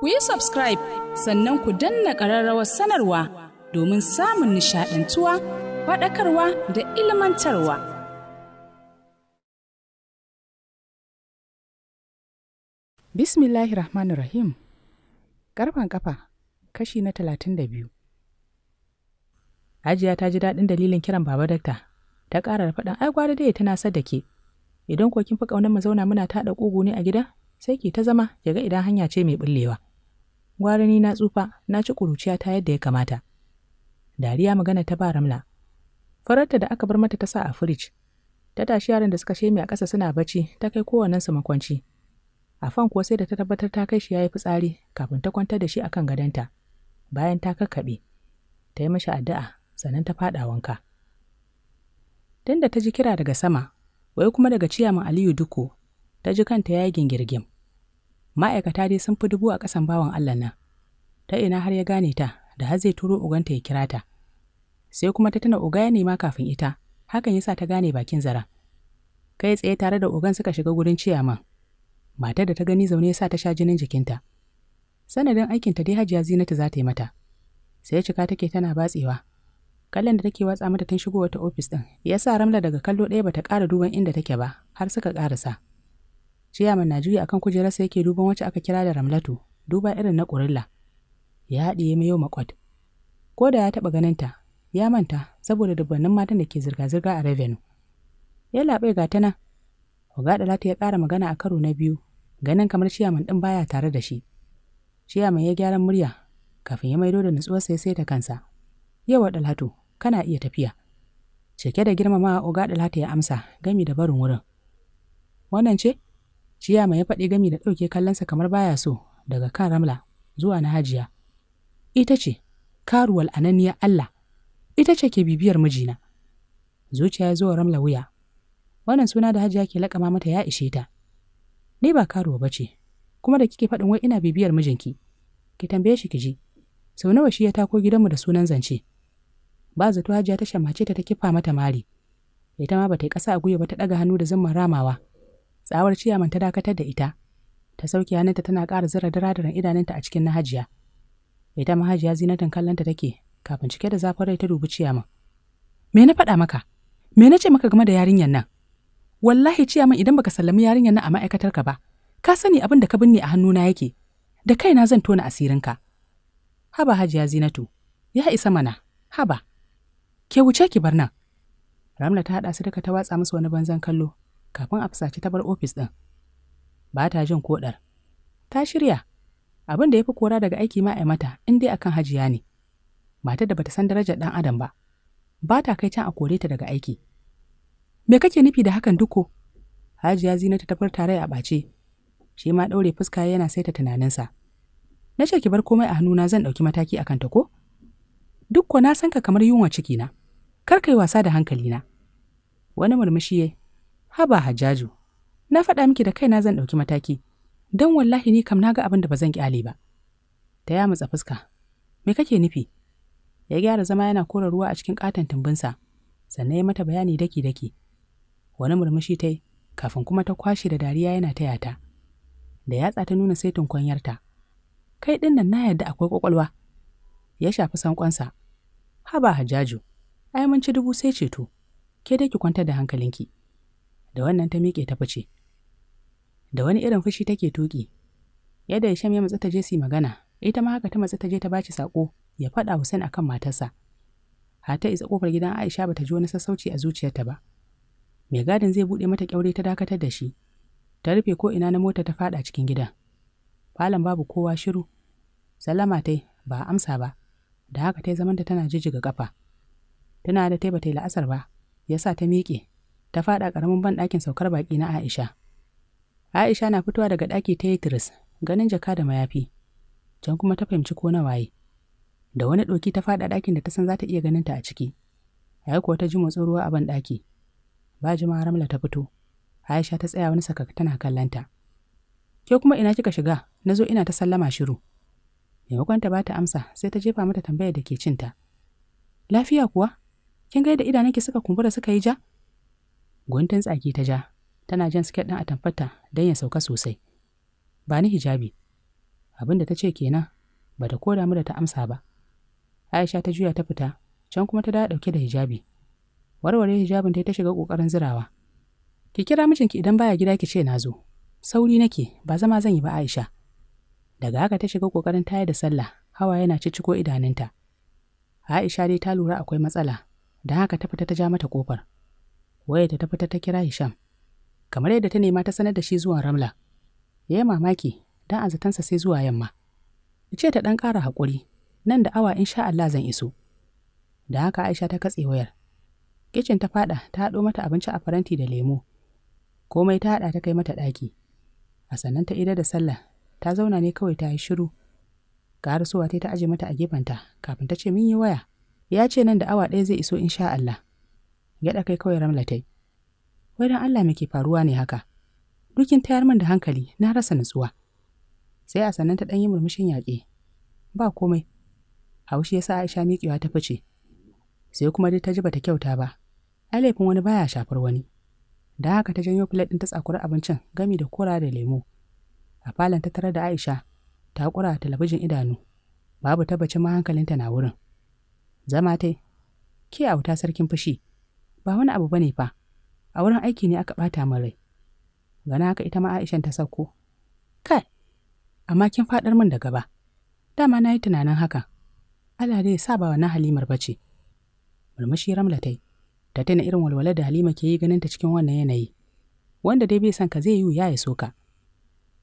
ku yi subscribe sannan ku danna ƙararrawar sanarwa domin samun nishaɗantuwa faɗakarwa da ilmantarwa. Bismillahirrahmanirrahim Ƙarfan ƙafa kashi na talatin da biyu. Hajiya ta ji daɗin dalilin kiran Baba Dakta, ta ƙara da faɗin ai gwada dai tana da ke, idan ko kin fi ƙaunar mu zauna muna taɗa ƙugu ne a gida, sai ki ta zama, ya ga idan hanya ce mai ɓullewa. gwara ni na tsufa na ci kuruciya ta yadda ya kamata. Dariya magana ta ba Ramla. Fararta da aka bar mata ta sa a firij. Ta tashi yaran da suka shemi a ƙasa suna bacci ta kai kowannensu makwanci. Afan kuwa sai da ta tabbatar ta kai shi ya yi fitsari kafin ta kwantar da shi akan gadonta. Bayan ta kakkaɓe, ta yi mashi addu'a sannan ta faɗa wanka. Tun da ta ji kira daga sama, wai kuma daga ciyaman Aliyu Duko, ta ji kanta ya yi gingirgim. ma'aikata dai sun fi dubu a ƙasan bawan Allah nan ta ina har ya gane ta da har zai turo uganta ya kira ta sai kuma ta tana uga ya nema kafin ita hakan yasa ta gane bakin zara kai tsaye tare da ogan suka shiga gurin ciyaman matar da ta gani zaune yasa ta sha jinin jikinta sanadin aikinta dai hajiya zinata za ta yi mata sai cika take tana batsewa kallon da take watsa mata tun shigo wata ofis din yasa ramla daga kallo ɗaya bata ƙara duban inda take ba har suka ƙarasa Ciyaman na juyi akan kujerarsa yake duban wacce aka kira da Ramlatu, duba irin na ƙurilla. Ya haɗiye mayo makwat. Ko da ya taɓa ganin ta, ya manta saboda dubbannin matan da ke zirga-zirga a Revenue. Ya laɓe ga ta nan. Ogadalatu ya ƙara magana a karo na biyu, ganin kamar ciyaman ɗin baya tare da shi. Ciyaman ya gyaran murya, kafin ya maido da sa ya saita kansa. Yawa Dalhatu, kana iya tafiya. Cike da girmamawa Ogadalatu ya amsa, gami da barin wurin. Wannan ce? Ciyama ya faɗi gami da ɗauke kallonsa kamar baya so daga kan Ramla zuwa na Hajiya. Ita ce, karuwal ananiyar Allah, ita ce ke bibiyar mijina. Zuciya ya zo wa Ramla wuya. Wannan suna da Hajiya ke laƙama mata ya ishe ta. Ni ba karuwa ba ce, kuma da kike faɗin wai ina bibiyar mijinki. Ki tambaye shi ki ji, sau nawa shi ya tako gidanmu da sunan zance. Ba zato Hajiya ta shamace ta ta kifa mata mari. Ita ma ba ta yi ƙasa a gwiwa ba ta ɗaga hannu da zumman ramawa. Tsawar ciyaman ta dakatar da ita. Ta sauke ta tana ƙara zira diradiran idanunta a cikin nahajiya hajiya. Ita ma hajiya zinatin kallonta take kafin cike da zafin rai ta dubi ciyaman. Me na faɗa maka? Me na ce maka game da yarinyar nan? Wallahi ciyaman idan baka sallami yarinyar nan a ma'aikatar ka ba, ka sani abin da ka binne a hannuna yake. Da kaina zan tona asirinka. Haba hajiya Zinatu, ya isa mana, haba. Ke wuce ki bar nan. Ramna ta haɗa su duka ta watsa musu wani banzan kallo, kafin a fusaci ta bar ofis ɗin. Ba ta jin koɗar. Ta shirya, abin da ya fi kora daga aiki ma mata in dai akan hajiya ne. Matar da bata san darajar ɗan adam ba, ba ta kai can a kore ta daga aiki. Me kake nufi da hakan duko? Hajiya zina ta furta rai a ɓace. Shi ma ɗaure fuska yana saita tunaninsa. Na ce ki bar komai a hannuna zan ɗauki mataki akan ta ko? Duk na san ka kamar yunwa ciki na, Kar ka yi wasa da hankali na. Wani murmushi ya Haba Hajaju, na faɗa miki da kaina zan ɗauki mataki, don wallahi ni kam na ga abin da ba zan ƙyale ba. Ta ya matsa fuska, me kake nufi? Ya gyara zama yana kora ruwa a cikin ƙaton tumbinsa, sannan ya mata bayani daki-daki. Wani murmushi ta yi, kafin kuma ta kwashe da dariya yana taya ta. Da yatsa ta nuna saitin kwanyarta. Kai ɗin nan na yarda akwai ƙwaƙwalwa. Ya shafi sankonsa. Haba Hajaju, ai mun ci dubu sai ceto, ke dai ki kwantar da hankalinki. da wannan ta miƙe ta fice da wani irin fushi take tuƙi yadda Hisham ya matsa ta je su magana ita ma haka ta matsa ta je ta ba baci sako ya faɗa Hussein akan matarsa hata isa kofar gidan Aisha ba ta ji wani sassauci a zuciyarta ba mai gadin zai buɗe mata kyaure ta dakatar da shi ta rufe ko ina na mota ta faɗa cikin gidan falon babu kowa shiru sallama tai ba amsa ba da haka tai zamanta tana jijjiga kafa tana da tai bata yi la'asar ba yasa ta miƙe ta faɗa ƙaramin banɗakin saukar baƙi na Aisha. Aisha na fitowa daga ɗaki ta yi ganin jaka da mayafi. Can kuma ta fahimci ko na waye. Da wani ɗoki ta faɗa ɗakin da ta san za ta iya ganin ta a ciki. Yayi kuwa ta ji motsin ruwa a ban ɗaki. Ba ji Ramla ta fito. Aisha ta tsaya wani saka tana kallanta. Ke kuma ina kika shiga? Na zo ina ta sallama shiru. Maimakon ta bata amsa, sai ta jefa mata tambayar da ke cinta. Lafiya kuwa? Kin ga yadda idanunki suka kumbura suka yi ja? Guntun tsaki ta ja, tana jan siket ɗin a tamfata don ya sauka sosai. Ba ni hijabi. Abin da ta ce kenan, ba ta koda mu da ta amsa ba. Aisha ta juya ta fita, can kuma ta dawo ɗauke da hijabi. Warware hijabin ta ta shiga ƙoƙarin zirawa. Ki kira mijinki idan baya gida ki ce na zo. Sauri nake, ba zama zan yi ba Aisha. Daga haka ta shiga ƙoƙarin taya da sallah, hawa yana cicciko idanunta. Aisha dai ta lura akwai matsala, don haka ta fita ta ja mata kofar. wayarta ta fita ta kira Hisham. Kamar yadda ta nema ta sanar da shi zuwa Ramla. Ya yi mamaki, dan azatansa sai zuwa yamma. Ce ta ɗan ƙara haƙuri, nan da awa insha Allah zan iso. Da haka Aisha ta katse wayar. Kicin ta faɗa ta haɗo mata abinci a faranti da lemo. Komai ta haɗa ta kai mata ɗaki. A sannan ta ida da sallah, ta zauna ne kawai ta yi shiru. Ƙarasowa ta ta aje mata a gefenta kafin ta ce min yi waya. Ya ce nan da awa ɗaya zai iso insha Allah. gyaɗa kai kawai ramla ta yi wai don allah me ke faruwa ne haka dukin tayar min da hankali na rasa nutsuwa sai a sannan ta ɗan yi murmushin yaƙi ba komai haushi ya sa aisha miƙewa ta fice sai kuma dai ta ji bata kyauta ba ai laifin wani baya shafar wani da haka ta janyo filet ɗin ta tsakuri abincin gami da kora da lemo a falon ta tare da aisha ta kura talabijin idanu babu tabbacin ma hankalinta na wurin zama tai ke auta sarkin fushi ba wani abu bane fa a wurin aiki ne aka bata min rai gana haka ita ma Aisha ta sauko kai amma kin faɗar min da gaba dama na yi tunanin haka Allah dai yasa sa ba wannan Halimar bace murmushi Ramla tai ta tana irin walwalar da Halima ke yi ganin ta cikin wannan yanayi wanda dai bai san ka zai yi ya ya soka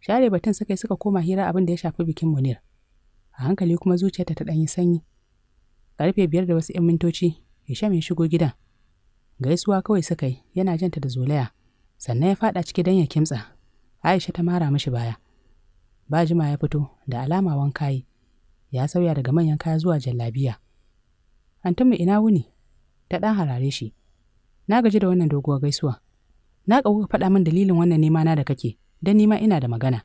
share batun suka suka koma hira abin da ya shafi bikin Munir a hankali kuma zuciyarta ta dan yi sanyi karfe biyar da wasu 'yan mintoci Hisham ya shigo gidan gaisuwa kawai suka yi yana janta da zolaya sannan ya faɗa ciki don ya kimtsa aisha ta mara mashi baya ba jima ya fito da alama wanka yi ya sauya daga manyan kaya zuwa jallabiya antum ina wuni ta ɗan harare shi na gaji da wannan doguwar gaisuwa na ka faɗa min dalilin wannan nema na da kake don nima ina da magana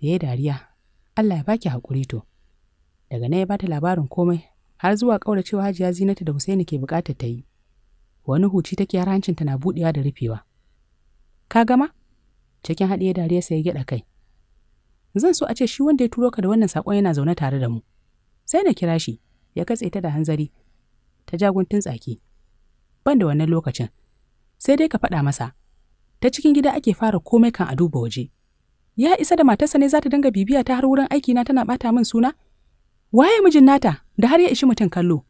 ya yi dariya allah ya baki haƙuri to daga nan ya bata labarin komai har zuwa ƙauracewa hajiya zinata da husaini ke buƙatar ta yi wani huci take har hancinta na buɗewa da rufewa. Ka gama? Cikin dariya dariyarsa ya gyaɗa kai. Zan so a ce shi wanda ya turo ka da wannan saƙon yana zaune tare da mu. Sai na kira shi, ya katse ta da hanzari. Ta jaguntun tsaki. Ban da wannan lokacin. Sai dai ka faɗa masa. Ta cikin gida ake fara komai kan a duba waje. Ya isa da matarsa ne za ta dinga bibiya ta har wurin aiki na tana ɓata min suna? Waye mijin nata da har ya ishi mutum kallo?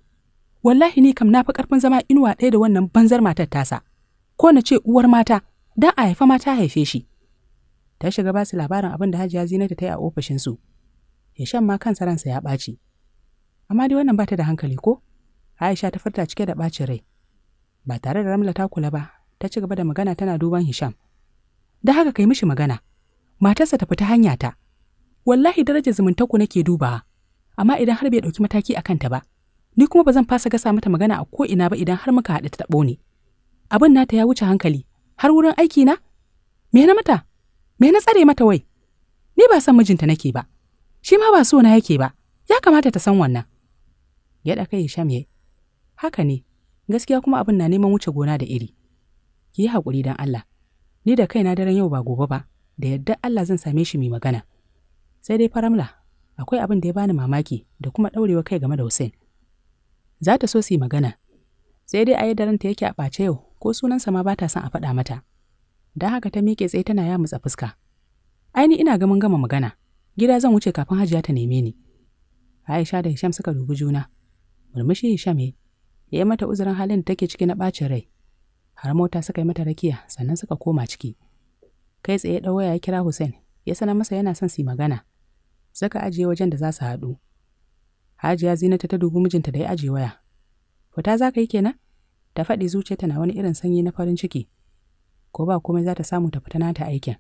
wallahi ni kam na fi karfin zama inuwa ɗaya da wannan banzar matar tasa ko na ce uwar mata dan a haifa mata haife shi ta shiga ba su labarin abin da hajiya zinata ta yi a ofishin su shan ma kansa ransa ya ɓaci amma dai wannan bata da hankali ko aisha ta furta cike da ɓacin rai ba tare da ramla ta kula ba ta ci gaba da magana tana duban hisham da haka kai mishi magana matarsa ta fita hanya ta wallahi darajar na nake dubawa amma idan har bai ɗauki mataki a kanta ba ni kuma ba zan fasa gasa mata magana a ko ina ba idan har muka haɗu ta taɓo ni abin nata ya wuce hankali har wurin aiki na me na mata me na tsare mata wai ni ba san mijinta nake ba shi ma ba so na yake ba ya kamata ta san wannan ya ɗaka kai shamye. haka ne gaskiya kuma abin na neman wuce gona da iri ki yi haƙuri don Allah ni da kaina daren yau ba gobe ba da yadda Allah zan same shi mai magana sai dai faramla akwai abin da ya bani mamaki da kuma ɗaurewa kai game da Hussein Za ta so su yi magana. Sai dai a yi da yake a ɓace yau ko sunansa ma ba ta son a faɗa mata. Don haka ta miƙe tsaye tana yamutsa fuska. Aini ina ga mun gama magana. Gida zan wuce kafin Hajiya ta neme ni. Aisha da Hisham suka dubi juna. Murmushi Hisham ya yi mata uzurin halin da take ciki na ɓacin rai. Har mota suka yi mata rakiya sannan suka koma ciki. Kai tsaye ɗan waya ya kira Hussein ya sanar masa yana son su yi magana. Suka ajiye wajen da za su haɗu. Hajiya Zinata ta dubi mijinta da ya aje waya. Fita za ka yi kenan? Ta faɗi zuciyarta na wani irin sanyi na farin ciki. Ko ba komai za ta samu ta fita nata aikin.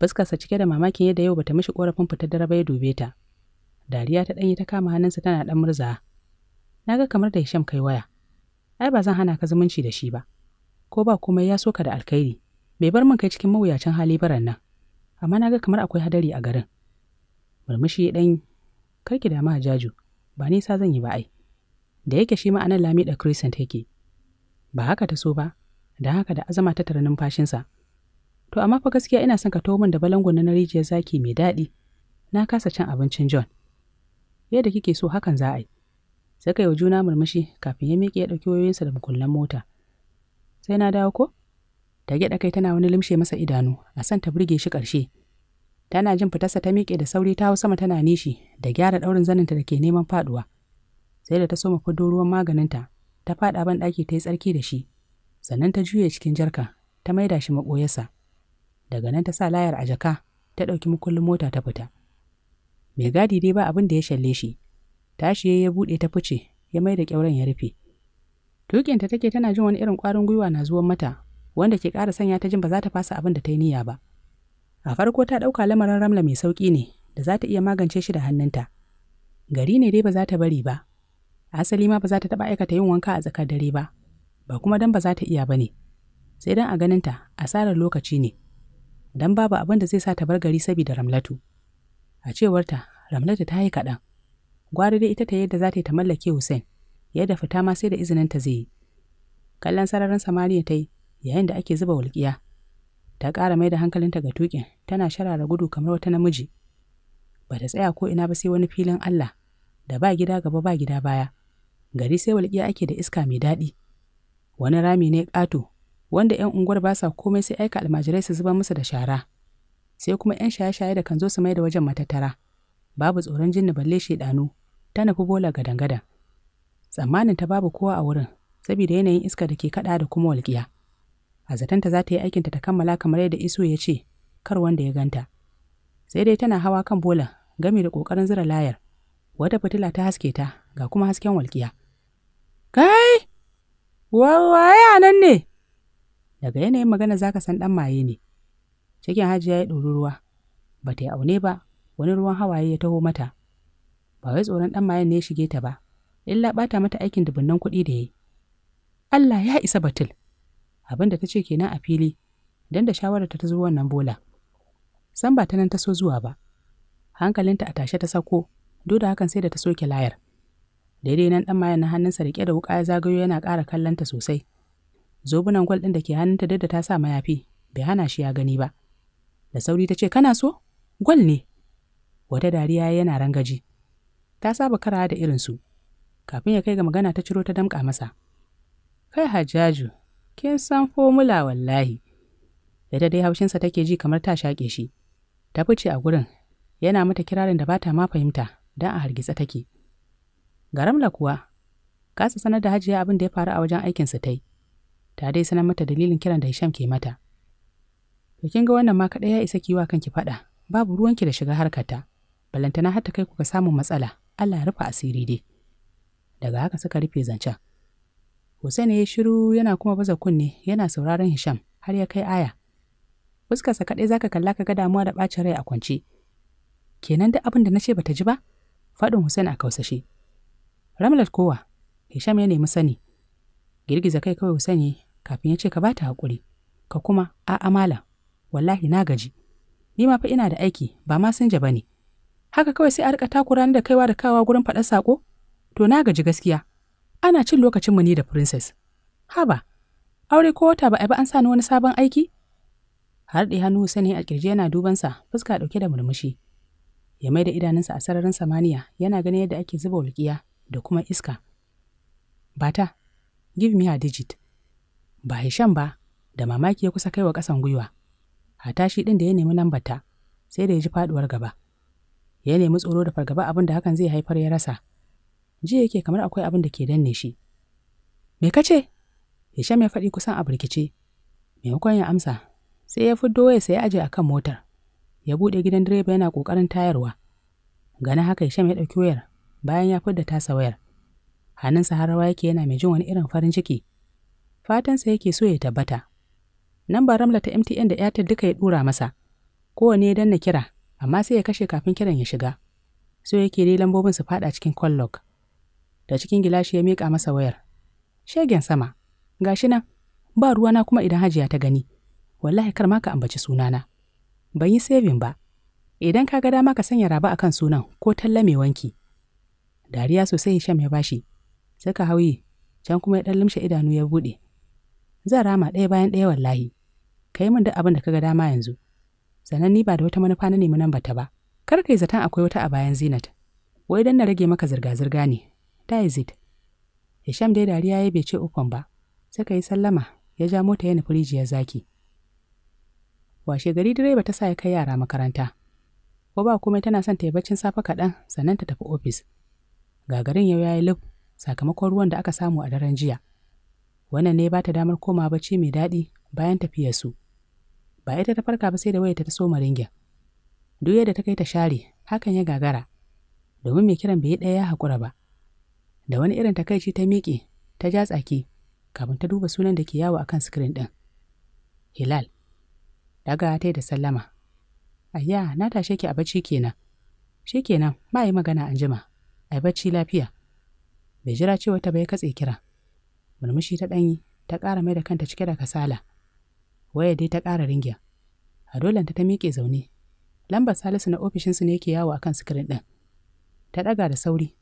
Fuskarsa cike da mamakin yadda yau bata mishi korafin fitar da ba ya dube ta. Dariya ta ɗanyi ta kama hannunsa tana ɗan murza. Na ga kamar da Hisham kai waya. Ai ba zan hana ka zumunci da shi ba. Ko ba komai ya soka da alkhairi. Bai bar min kai cikin mawuyacin hali baran nan. Amma na ga kamar akwai hadari a garin. Murmushi ɗan kar ki damu jaju. ba nisa zan yi ba ai. Da yake shi ma'anar lami da Crescent yake. Ba haka ta so ba, da haka da azama ta tara numfashinsa. To amma fa gaskiya ina son ka taho min da balangon na rijiyar zaki mai daɗi. Na kasa cin abincin John. Yadda kike so hakan za a yi. yi wa juna murmushi kafin ya miƙe ya ɗauki wayoyinsa da mukullan mota. Sai na dawo ko? Ta gyaɗa kai tana wani limshe masa idanu, a san ta burge shi ƙarshe. tana jin fitarsa ta miƙe da sauri ta hau sama tana nishi da gyara ɗaurin zaninta da ke neman faɗuwa sai da ta soma fido ruwan maganinta ta faɗa ban ɗaki ta yi tsarki da shi sannan ta juye cikin jarka ta maida shi maɓoyarsa daga nan ta sa layar a jaka ta ɗauki mukullin mota ta fita mai gadi dai ba abin da ya shalle shi tashi ya buɗe ta fice ya mai da ƙyauren ya rufe tukinta take tana jin wani irin ƙwarin gwiwa na zuwan mata wanda ke ƙara sanya ta jin ba za ta fasa abin da ta yi niyya ba A farko ta ɗauka lamarin Ramla mai sauƙi ne da za ta iya magance shi da hannunta. Gari ne dai ba za ta bari ba. Asali ma ba za ta taɓa aikata yin wanka a tsakar dare ba, ba kuma dan ba za ta iya ba ne. Sai dan a ganinta asarar lokaci ne. Dan babu abin da zai sa ta bar gari saboda Ramlatu. A cewarta, Ramlatu ta yi kaɗan. Gwari dai ita ta yadda za ta yi ta mallake Hussein, yadda fita ma sai da izinin ta zai yi. Kallon sararin Samariya ta yi yayin da ake zuba walƙiya. ta ƙara mai da hankalinta ga tuƙin tana sharara gudu kamar wata namiji ba ta tsaya ko ina ba sai wani filin Allah da ba gida gaba ba gida baya gari sai walƙiya ake da iska mai daɗi wani rami ne ƙato wanda 'yan unguwar ba sa komai sai aika almajirai su zuba musu da shara sai kuma 'yan shaye-shaye da kan zo su mai da wajen matattara babu tsoron jinni balle shaidanu ta nufi bola gadan-gadan tsammanin ta babu kowa a wurin saboda yanayin iska da ke kaɗa da kuma walƙiya a zatanta za ta yi aikinta ta kammala kamar yadda iso ya ce kar wanda ya ganta sai dai tana hawa kan bola gami da ƙoƙarin zira layar wata fitila ta haske ta ga kuma hasken walƙiya kai wawaye ya nan ne daga yanayin magana zaka san ɗan maye ne cikin hajiya ya ɗori ruwa ba ta yi aune ba wani ruwan hawaye ya taho mata ba wai tsoron ɗan mayen ne ya shige ta ba illa ɓata mata aikin dubunnan kuɗi da ya yi Allah ya isa batil. abin da ta ce kenan a fili don da shawararta ta zo wannan bola san ba ta nan ta so zuwa ba hankalinta a tashe ta sako duk hakan sai da ta soke layar daidai nan ɗan mayan na hannunsa rike da wuka ya zagayo yana ƙara kallon ta sosai zobunan gwal ɗin da ke hannunta duk da ta sa mayafi bai hana shi ya gani ba da sauri ta ce kana so gwal ne wata dariya yana rangaji ta saba kara da irinsu kafin ya kai ga magana ta ciro ta damƙa masa kai hajjaju Kin san fomula wallahi. Da dai haushinsa take ji kamar ta shake shi. Ta fice a gurin, yana mata kirarin da bata ma fahimta, don a hargitsa take. Garamla kuwa, kasa sanar da hajiya abin da ya faru a wajen aikinsa ta yi. Ta dai sanar mata dalilin kiran da Hisham ke mata. To kin ga wannan ma kaɗai ya isa kiwa kanki faɗa, babu ruwanki da shiga harkata. Balantana har ta kai ku ga samun matsala, Allah ya rufe asiri dai. Daga haka suka rufe zancen. Hussein ya shiru yana kuma baza kunne yana sauraron Hisham har ya kai aya. Fuskarsa kaɗai zaka kalla ka ga damuwa da ɓacin rai a kwance. Kenan da abin da na ce bata ji ba? Faɗin Hussein a kausashe. Ramlat kowa, Hisham ya nemi sani. Girgiza kai kawai Hussein ya kafin ya ce ka bata haƙuri. Ka kuma a'a malam. wallahi na gaji. Ni ma fa ina da aiki, ba ma sun ba ne. Haka kawai sai a riƙa takura da kaiwa da kawa gurin faɗar saƙo? To na gaji gaskiya, Ana cin lokacinmu ni da princess. Haba, aure ko wata ba a ba an ni wani sabon aiki? Harɗe hannu sani a ƙirji yana dubansa, fuska ɗauke da murmushi. Ya mai da idanunsa a sararin samaniya yana ganin yadda ake zuba walƙiya da kuma iska. Bata, give me a digit. Ba Hisham ba, da mamaki ya kusa kaiwa ƙasan gwiwa. A shi ɗin da ya nemi lambarta, sai da ya ji faɗuwar gaba. Ya nemi tsoro da fargaba abin da hakan zai haifar ya rasa. ji yake kamar akwai abin da ke danne shi. Me ka ce? Hisham ya faɗi kusan a birkice. Maimakon ya amsa, sai ya fiddo ya sai aje a kan motar. Ya buɗe gidan direba yana ƙoƙarin tayarwa. Gana haka Hisham ya ɗauki wayar bayan ya fidda tasa wayar. Hannunsa har rawa yake yana mai jin wani irin farin ciki. Fatansa yake so ya tabbata. Nambar ramla ta MTN da Airtel duka ya ɗura masa. Kowane ya danna kira, amma sai ya kashe kafin kiran ya shiga. So yake dai lambobin su faɗa cikin call log. da cikin gilashi ya miƙa masa wayar. Shegen sama, gashi nan, ba ruwana kuma idan hajiya ta gani, wallahi kar ma ka ambaci sunana. Ban yi saving ba, idan ka ga dama ka sanya raba a kan sunan ko talla mai wanki. Dariya sosai Hisham ya bashi, saka hauyi, can kuma ya ɗan lumshe idanu ya buɗe. Zan rama ɗaya bayan ɗaya wallahi, ka yi min duk abin da ka ga dama yanzu. Sannan ni ba da wata manufa na nemi nan ba ta ba, kar ka yi zaton akwai wata a bayan zinat. Wai dan na rage maka zirga-zirga ne, taizid is Hisham dai dariya ya bai ce ukun ba, ka yi sallama ya ja mota ya firiji ya zaki. Washe gari direba ta sa ya kai yara makaranta. Ko ba komai tana son ta yi baccin safe kaɗan sannan ta tafi ofis. Gagarin yau ya yi lif sakamakon ruwan da aka samu a daren jiya. Wannan ne ba ta damar komawa bacci mai daɗi bayan tafiyarsu. Ba ita ta farka ba sai da wayarta ta so ringin. Duk yadda ta kai ta share, hakan ya gagara. Domin mai kiran bai yi ɗaya ya haƙura ba. da wani irin takaici ta miƙe ta ja tsaki kafin ta duba sunan da ke yawo akan sikirin ɗin hilal daga ta da sallama ayya na tashe ki a bacci kenan Shi kenan ba yi magana an jima ai bacci lafiya bai jira cewa ta bai katse kira murmushi ta ɗanyi ta ƙara mai da kanta cike da kasala waya dai ta ƙara ringiya a dolanta ta miƙe zaune lambar salisu na ofishinsu ne ke yawo akan sikirin ɗin ta ɗaga da sauri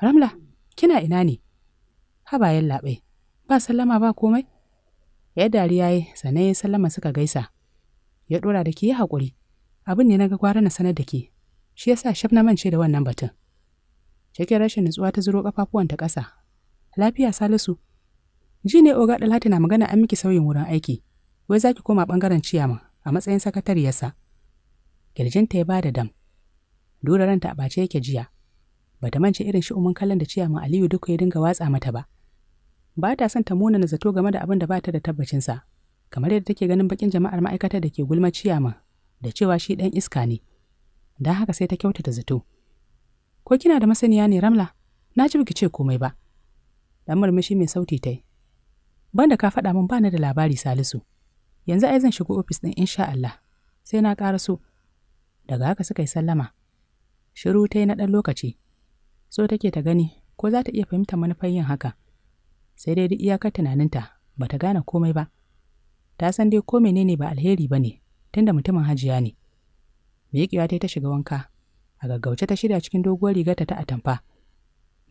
ramla Kina ina ne? Habayen labai, ba sallama ba komai? Ya dariya yi, sannan ya sallama suka gaisa. Ya ɗora da ke yi haƙuri, abin ne na ga gwara na sanar da ke, shi yasa shaf na mance da wannan batun. Cikin rashin nutsuwa ta zuro ta ƙasa. Lafiya Salisu. Ji ne Oga Dalati na magana an miki sauyin wurin aiki, wai za ki koma ɓangaren ciyama a matsayin sakatariyarsa. Kirjinta ya ba da dam. Dora ranta a ɓace yake jiya, ba ta mance irin shi shi'umin kallon da ciyaman Aliyu duka ya dinga watsa mata ba. Ba ta son ta na zato game da abin da ba ta da tabbacinsa, kamar yadda take ganin bakin jama'ar ma'aikata da ke gulma ciyaman da cewa shi ɗan iska ne. Don haka sai ta kyautata zato. Ko kina da masaniya ne Ramla? Na ji biki ce komai ba. Dan murmushi mai sauti ta yi. Banda ka faɗa min ba ni da labari Salisu. Yanzu ai zan shigo ofis ɗin insha Allah. Sai na ƙara so. Daga haka suka yi sallama. Shiru ta yi na ɗan lokaci. so take ta gani ko za ta iya fahimtar manufar yin haka sai dai duk iyakar tunaninta ba ta gane komai ba ta san dai ko menene ba alheri ba ne tunda mutumin hajiya ne miƙewa ta ta shiga wanka a gaggauce ta shirya cikin doguwar rigarta ta atamfa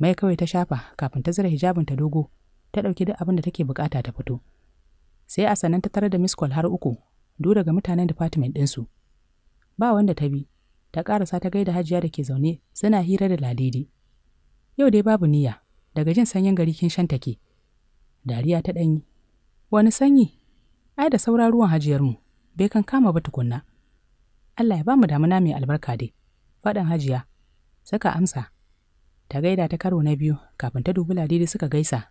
mai kawai ta shafa kafin ta zira ta dogo ta ɗauki duk abin da take bukata ta fito sai a sanan ta tarar da miss har uku du daga mutanen department su. ba wanda ta bi ta ƙarasa ta gaida hajiya da ke zaune suna hira da ladidi Yau dai babu niyya, daga jin sanyin gari kin shan ke. Dariya ta ɗanyi. Wani sanyi? Ai da sauran ruwan hajiyarmu, bai kan kama ba tukunna. Allah ya ba mu damuna mai albarka dai. Faɗin hajiya, Suka amsa. Ta gaida ta karo na biyu kafin ta dubi ladidi suka gaisa,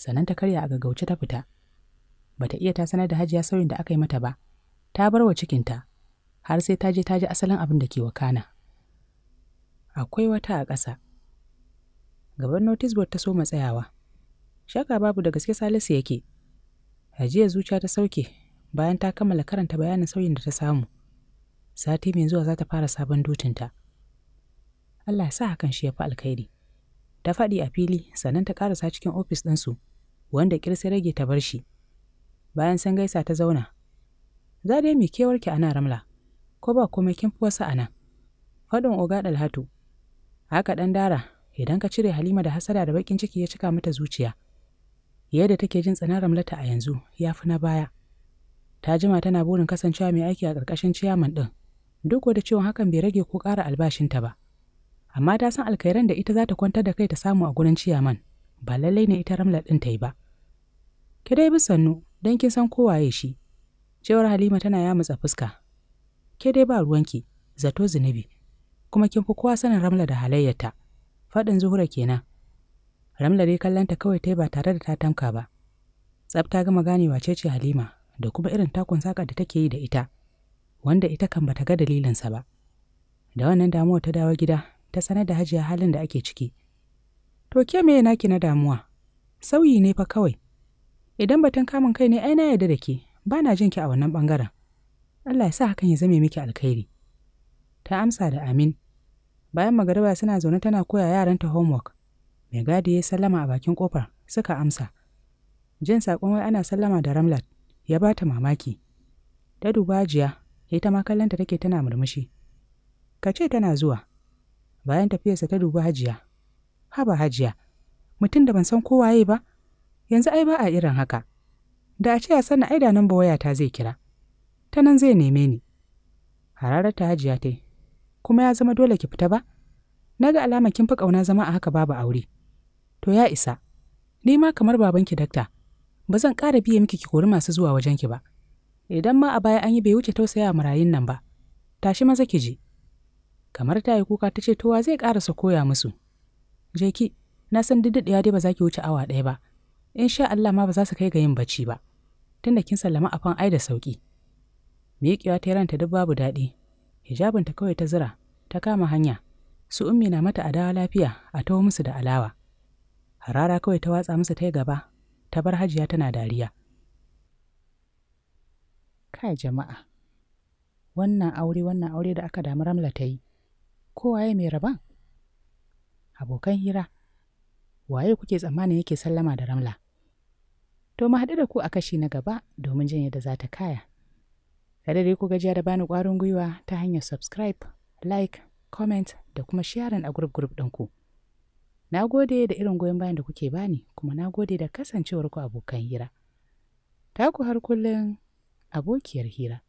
sannan ta karya a gaggauce ta fita. Bata iya ta sanar da hajiya sauyin da aka yi mata ba, ta bar wa cikinta, har sai ta je ta ji asalin abin da ke wakana. Akwai wata a ƙasa. gaban notice board ta soma tsayawa shaka babu da gaske salisu yake hajiya zuciya ta sauke bayan ta kammala karanta bayanin sauyin da ta samu sati mai zuwa za ta fara sabon dutinta allah sa hakan shi ya fi alkhairi ta faɗi a fili sannan ta ƙarasa cikin ofis ɗinsu wanda ƙirsi rage ta bar shi bayan san gaisa ta zauna za dai mai kewarki ana ramla ko ba komai kin fi wasu a nan faɗin oga ɗalhatu haka ɗan dara idan ka cire halima da hasada da bakin ciki ya cika mata zuciya yadda take jin tsanar ramlata a yanzu ya fi na baya ta jima tana burin kasancewa mai aiki a ƙarƙashin ciyaman ɗin duk da cewa hakan bai rage ko ƙara albashinta ba amma ta san alkairan da ita za ta kwantar da kai ta samu a gurin ciyaman ba lallai ne ita ramla ɗin ta yi ba Ke dai bi sannu don kin san kowaye shi cewar halima tana yamutsa fuska ke dai ba ruwanki zato zunubi kuma kin fi kowa sanin ramla da halayyarta Faɗin Zuhura kenan. Ramla dai kallanta kawai ta ba tare da ta tamka ba. Tsafta gama gane wace ce Halima da kuma irin takun saka da take yi da ita, wanda ita kan bata ga dalilinsa ba. Da wannan damuwa ta dawo gida, ta sanar da hajiya halin da ake ciki. To ke me naki na damuwa? Sauyi ne fa kawai. Idan batun kamun kai ne ai na yarda da ke, ba na jin ki a wannan bangaren. Allah ya sa hakan ya zame miki alkhairi. Ta amsa da amin, Bayan magariba suna zaune tana koya yaranta homework. Mai gadi ya sallama a bakin kofar suka amsa. Jin saƙon wai ana sallama da Ramlat ya ba ta mamaki. Ta duba jiya, ita ma kallonta take tana murmushi. Ka ce tana zuwa. Bayan tafiyarsa ta duba hajiya. Haba hajiya, mutum da ban san kowaye ba, yanzu ai ba a irin haka. Da a ce a sanna ai da nan wayata zai kira. Ta nan zai neme ni. Hararar ta hajiya ta kuma ya zama dole ki fita ba? Na ga alama kin fi ƙauna zama a haka babu aure. To ya isa, ni ma kamar babanki dakta, ba zan ƙara biye miki ki kori masu zuwa wajen ki ba. Idan ma a baya an yi bai wuce tausaya marayun nan ba, tashi maza ki je. Kamar ta yi kuka ta ce towa zai ƙarasa koya musu. Je ki, na san diddiɗiya dai ba za ki wuce awa ɗaya ba. In sha Allah ma ba za su kai ga yin bacci ba, tunda kin sallama a fan ai da sauƙi. Miƙewa ta ranta duk babu daɗi, hijabinta kawai ta zira ta kama hanya su ummi na mata adawa lafiya a taho musu da alawa harara kawai ta watsa musu ta gaba ta bar hajiya tana dariya kai jama'a wannan aure wannan aure da aka damu ramla ta yi kowaye mai raban? abokan hira waye kuke tsammanin yake sallama da ramla to mu haɗu da ku a kashi na gaba domin jin yadda za ta kaya Kada dai ku gajiya da bani ƙwarin gwiwa ta hanyar subscribe, like, comment da kuma sharing a group group ɗinku. Na gode da irin goyon bayan da kuke bani kuma na gode da kasancewar ku abokan hira. Ta ku har kullum abokiyar hira.